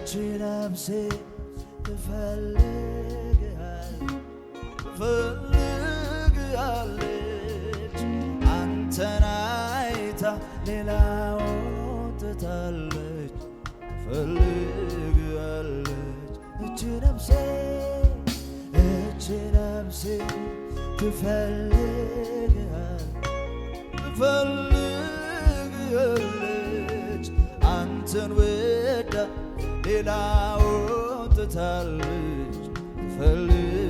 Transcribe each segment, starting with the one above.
ያችን አምሴ ትፈልግሃለች አንተን አይታ ሌላ ወጥታለች ትፈልግሃለች እችን አምሴ እችን አምሴ ትፈልግሃለች አንተን ሌላው ትታለች ትፈልግ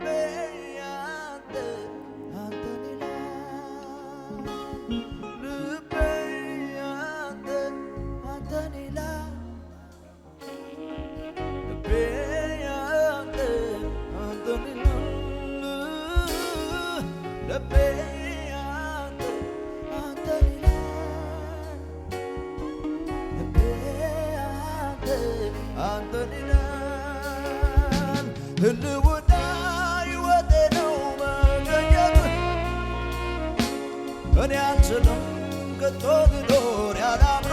there. እኔ አንችንም ገቶ ግዶር ያላምሮ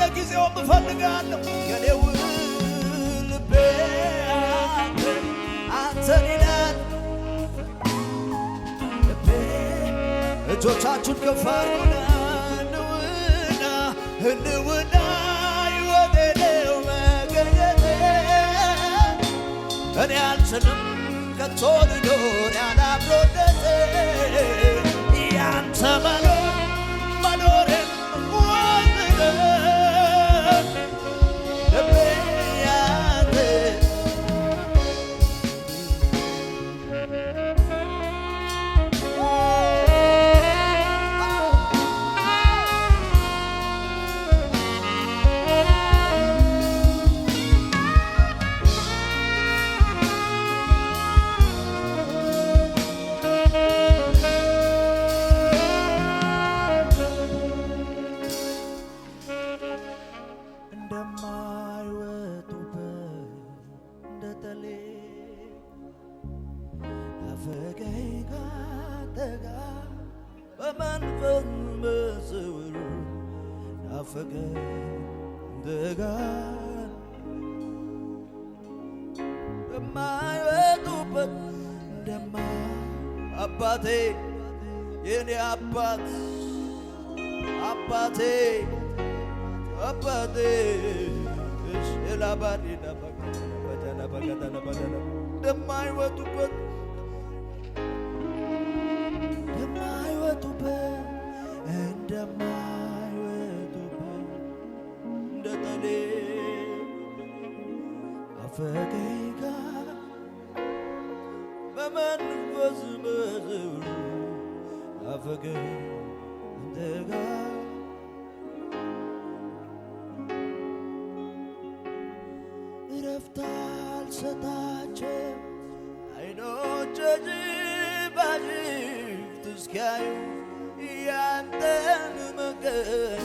ለጊዜው እፈልጋለሁ የኔው ልቤ አንተን ይላል ልቤ። እጆቻችሁን ከፍ አድርጉና እንውና እንውና ይወደደው መገኘቴ እኔ አልችልም ከቶ ሊኖር ያንተ መንፈስ በስውር ናፈቀ እንደጋል በማይወጡበት እንደማ አባቴ የኔ አባት አባቴ አባቴ እሽ ናፈቀ በተነበገተነበገነ ፈገግታ በመንፈስ በዝብሩ ናፈቀ እንደጋ እረፍት አልሰጣቸው አይኖች ጅባጅፍት እስኪያዩ ያንተን መገኘ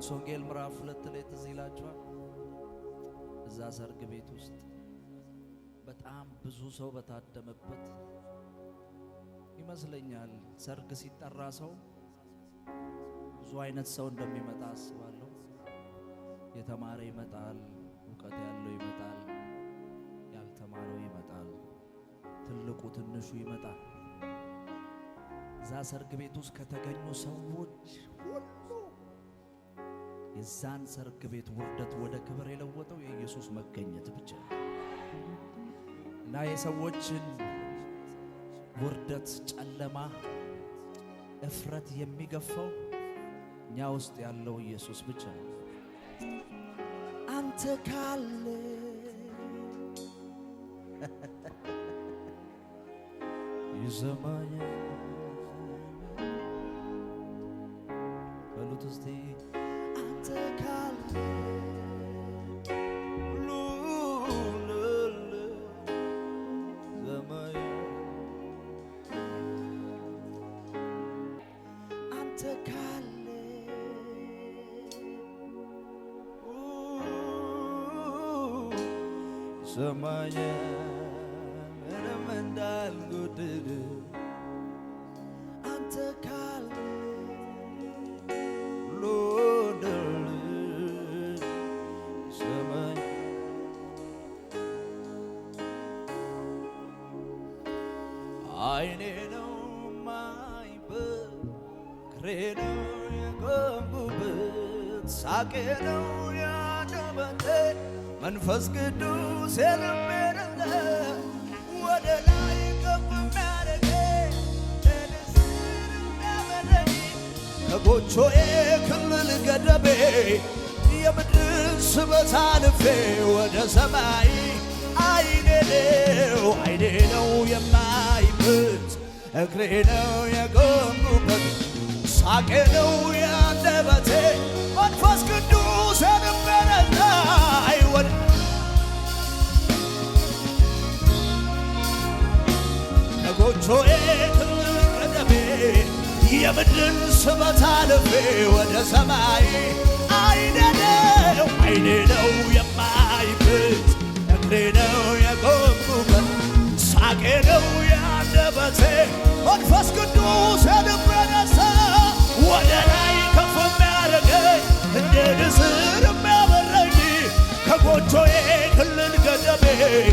ዮሐንስ ወንጌል ምዕራፍ ሁለት ላይ ትዝ ይላችኋል። እዛ ሰርግ ቤት ውስጥ በጣም ብዙ ሰው በታደመበት ይመስለኛል። ሰርግ ሲጠራ ሰው ብዙ አይነት ሰው እንደሚመጣ አስባለሁ። የተማረ ይመጣል፣ እውቀት ያለው ይመጣል፣ ያልተማረው ይመጣል፣ ትልቁ ትንሹ ይመጣል። እዛ ሰርግ ቤት ውስጥ ከተገኙ ሰዎች ሁሉ የዛን ሰርግ ቤት ውርደት ወደ ክብር የለወጠው የኢየሱስ መገኘት ብቻ እና የሰዎችን ውርደት፣ ጨለማ፣ እፍረት የሚገፋው እኛ ውስጥ ያለው ኢየሱስ ብቻ ነው። አንተ ካለ ይዘማኛል አንተ ካለ ይሰማኛል ምንም እንዳልጎድል አንተ ካለ ሁሉ ድል አይኔ ነው ፍቅሬ ነው የገቡበት ሳቄ ነው ያጨበጠ መንፈስ ቅዱስ የልቤ ወደ ላይ ከፍ የሚያደርገኝ ለንስር የሚያበረኝ ከጎጆዬ ክልል ገደቤ የምድር ስበት አልፌ ወደ ሰማይ አይኔ ነው አይኔ ነው የማይበት እግሬ ነው የቆምኩበት ሳቄ ነው ያንደበቴ መንፈስ ቅዱስ የነበረና አይወድ ከጎጆዬ ትልቅ ቀደሜ ስበት አልፌ ወደ ሰማይ አይኔ ነው አይኔ ነው የማይብት እግሬ ነው የቆምኩበት ሳቄ ነው ያንደበቴ መንፈስ ቅዱስ የነበረ ወደ ላይ ከፍ የሚያደርገኝ እንደ ንስር የሚያበረኝ ከጎጆዬ ክልል ገደቤ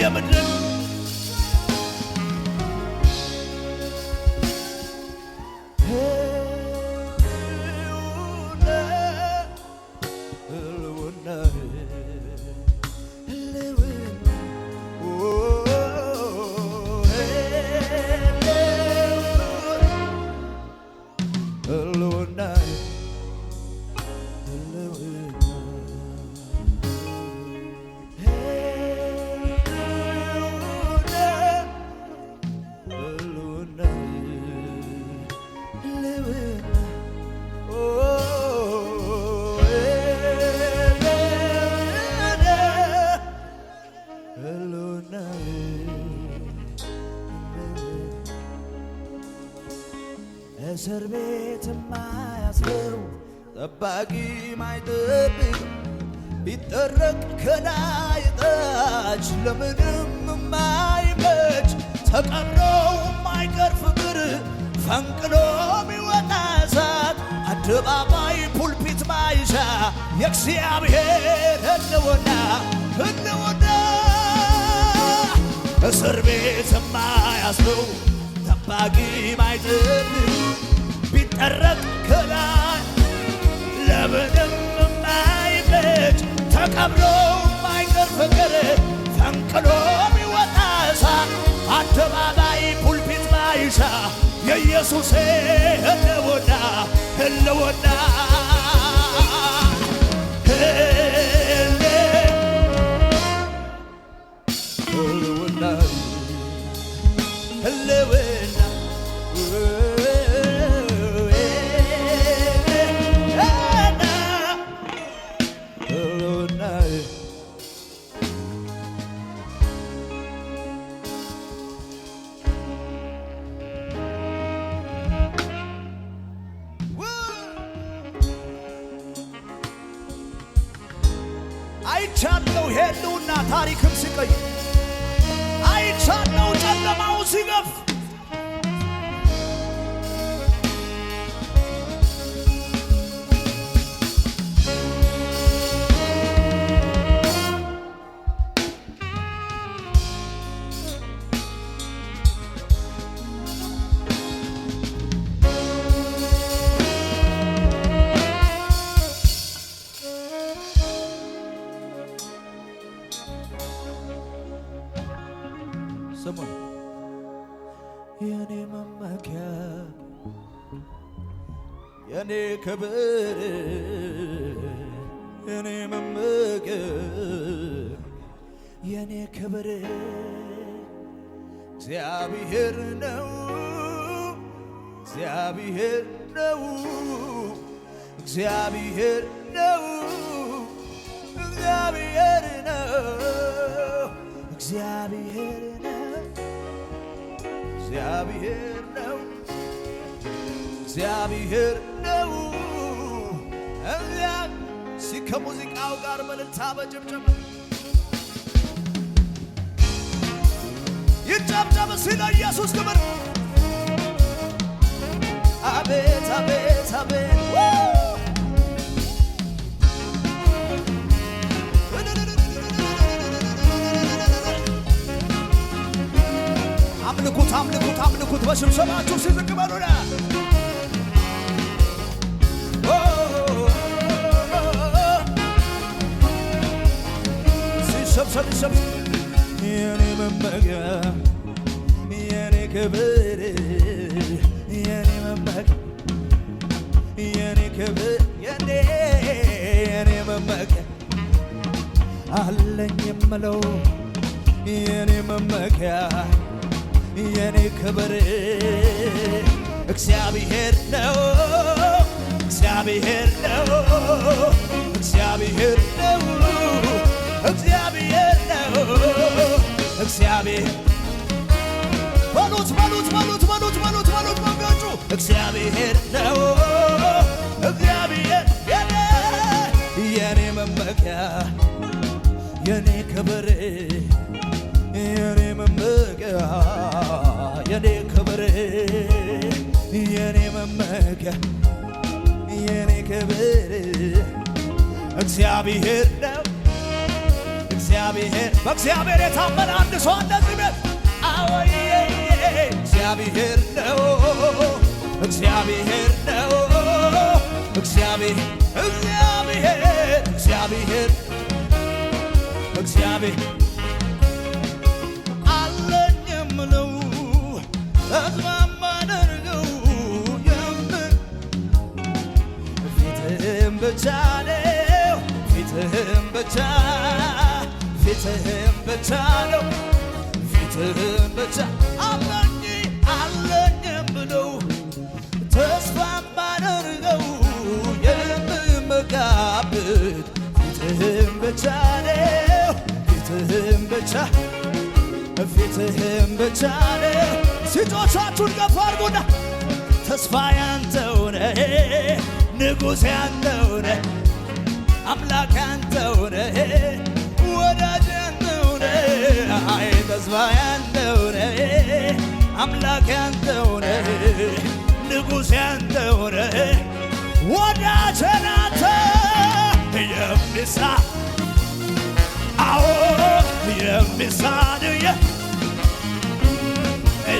የምድር እስር ቤት ማያስረው ጠባቂ ማይጠብቅ ቢጠረቅ ከላይ ታች ለምንም ማይመች ተቀብረው ማይቀር ፍቅር ፈንቅሎ ሚወጣ እሳት አደባባይ ፑልፒት ማይሻ የእግዚአብሔር ህልውና ህልውና እስር ቤት ማያስረው ጠባቂ ማይጠብቅ ቀረብ ከላይ ለምንም የማይመች ተቀብሎ የማይቀር ፍቅር ፈንቅሎ አደባባይ ፑልፒት ማይሻ የኢየሱሴ ህልውና ህልውና አይቻለው ሄሉና ታሪክም ሲቀይር አይቻለው ጨለማው ሲገፍ የኔ ክብር የኔ መመገብ የኔ ክብር እግዚአብሔር ነው እግዚአብሔር ነው እግዚአብሔር ነው እግዚአብሔር ነው እግዚአብሔር ነው እግዚአብሔር ነው እግዚአብሔር ነው። እዚያን ሲ ከሙዚቃው ጋር በእልልታ በጭብጨባ ይጨብጨብ ሲል ኢየሱስ ክብር አቤት አቤት አቤት አምልኩት አምልኩት አምልኩት በሽብሸባችሁ ሲዝቅ በሉና ሰብሰብ የኔ መመኪያ የኔ ክብር የኔ መመኪያ የኔ ክብር የኔ መመኪያ አለኝ የምለው የኔ መመኪያ የኔ ክብር እግዚአብሔር ነው እግዚአብሔር ነው እግዚአብሔር ነው እግዚአብሔር በሉት በሉት በሉት በሉት በሉት በሉት መንገጩ እግዚአብሔር ነው። እግዚአብሔር የኔ መመኪያ የኔ ክብር የኔ መመኪያ የኔ ክብር የኔ መመኪያ የኔ ክብር እግዚአብሔር ነው። በእግዚአብሔር በእግዚአብሔር የታመነ አንድ ሰው አለ እዚህ አወይ እግዚአብሔር ነው፣ እግዚአብሔር ነው፣ እግዚአብሔር እግዚአብሔር እግዚአብሔር ተስፋ የምን ፊትህም ብቻ ነው ፊትህም ብቻ ፊትህን ብቻ ነው ፊትህን ብቻ አለኝ አለኝም ብለው ተስፋ ማደርገው የምመካበት ፊትህን ብቻ ነው ፊትህን ብቻ ፊትህን ብቻ ነው ሲጮቻችሁን ከፍ አድርጉና ተስፋ ያንተው ንጉሥ ያንተው አምላክ ያንተው ተስፋ ያንተው ነህ አምላክ ያንተው ነህ ንጉሥ ያንተው ነህ ወዳጄ ናተ የሚሳ አዎ የሚሳንየ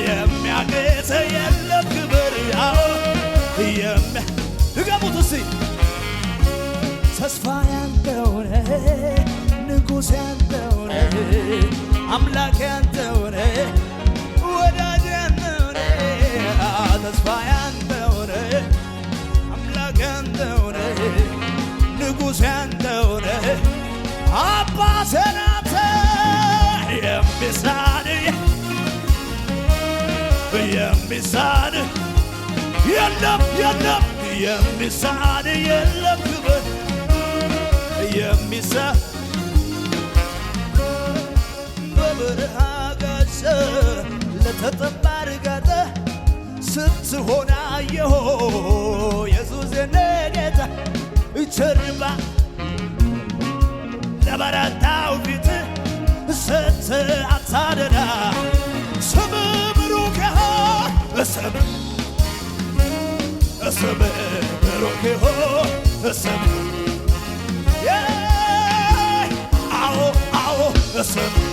የሚያገሰ የለም ክብር አዎ የሚያ ድገሙት እስቲ ተስፋ ያንተው ነህ ንጉሥ ያንተው ነህ አምላክ ያንተውነ ወዳጅ ያንተውነ ተስፋ ያንተውነ አምላክ ያንተውነ ንጉሥ ያንተውነ አባ ሰናተ የሚሳን የሚሳን የለም የለም የሚሳን የለም ክብር አጋዘ ለተጠባ ርጋጠ ስትሆን አየሁ የሱስ ጌታ ቸርባ ለበረታው ፊት ስት አታደዳ ስም ብሩክ ይሆን ስም ብሩክ ይሆን ስም አዎ አዎ ስም